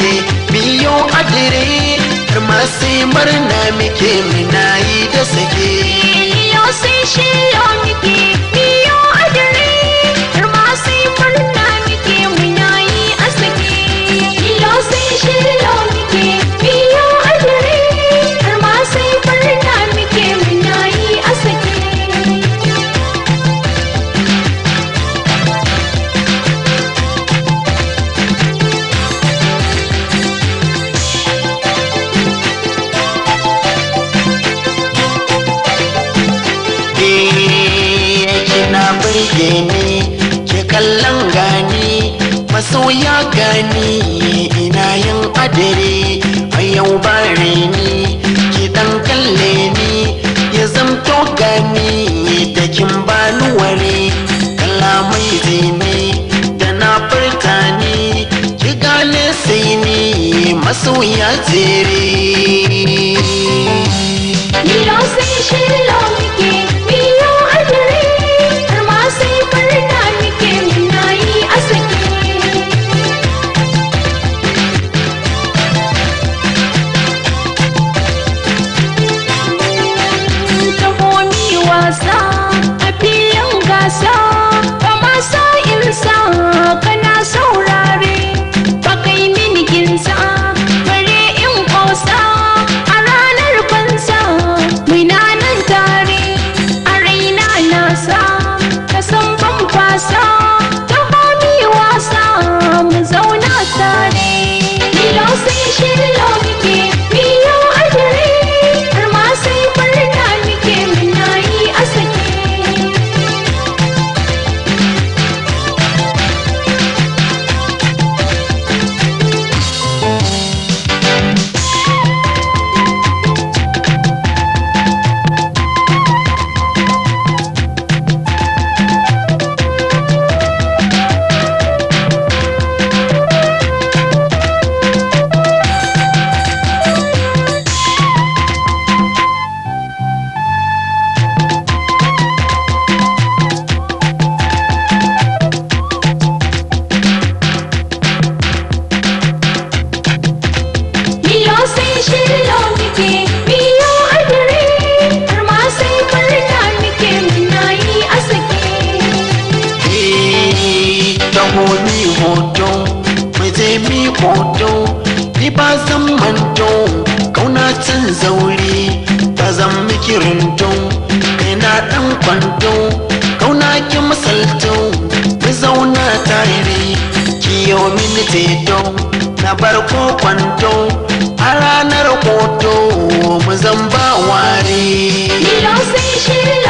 muke biyo a har ma sai murna muke muna yi da sake. Yau sai shi burge ni ke kallon gani masoya gani ina yin adare a yau bare ni ki dan kalle ni ya zamto gani da kin bani ware kalamai zini da na furta ni ki gane sai ni masoya zere mi hoto mu mi hoto ni ba zan manto kauna can zaure ta zan miki runto ina dan kwanto kauna ki misalto mu zauna tare ki yau mini teto na bar ko kwanto a ranar hoto mu zan ba ware. Ilau sai